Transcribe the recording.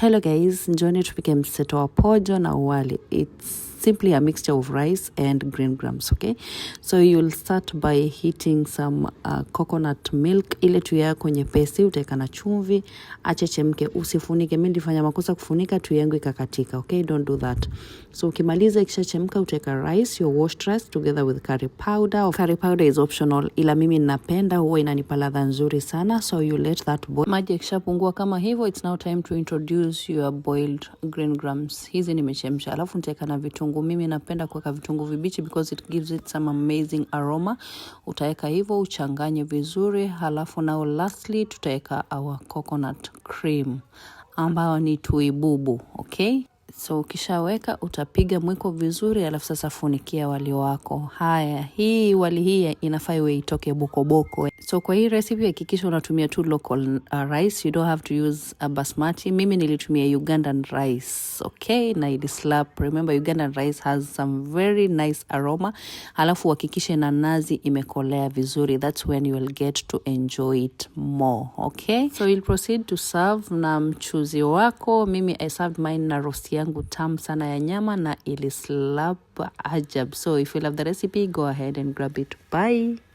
Hello guys, njoni tupike mseto wa pojo na uwali. It's simply a mixture of rice and green grams okay so you'll start by heating some uh, coconut milk ile tu yako kwenye pesi utaweka na chumvi achechemke usifunike mimi ndifanya makosa kufunika tu yangu ikakatika okay don't do that so ukimaliza ikishachemka utaweka rice your washed rice together with curry powder or curry powder is optional ila mimi ninapenda huwa inanipa ladha nzuri sana so you let that boil maji yakishapungua kama hivyo it's now time to introduce your boiled green grams hizi nimechemsha alafu nitaweka na vitungu vitunguu. Mimi napenda kuweka vitunguu vibichi because it gives it some amazing aroma. Utaweka hivyo uchanganye vizuri, halafu nao lastly tutaweka our coconut cream ambayo ni tuibubu, okay? So ukishaweka utapiga mwiko vizuri, alafu sasa funikia wali wako. Haya, hii wali hii inafaa iwe itoke bokoboko. So kwa hii recipe hakikisha unatumia tu local uh, rice, you don't have to use a uh, basmati. Mimi nilitumia Ugandan rice okay, na ili slap. Remember Ugandan rice has some very nice aroma, alafu uhakikishe na nazi imekolea vizuri, that's when you will get to enjoy it more okay. So we'll proceed to serve na mchuzi wako. Mimi I served mine na rosti yangu tamu sana ya nyama na slap ajab. So if you love the recipe, go ahead and grab it. Bye.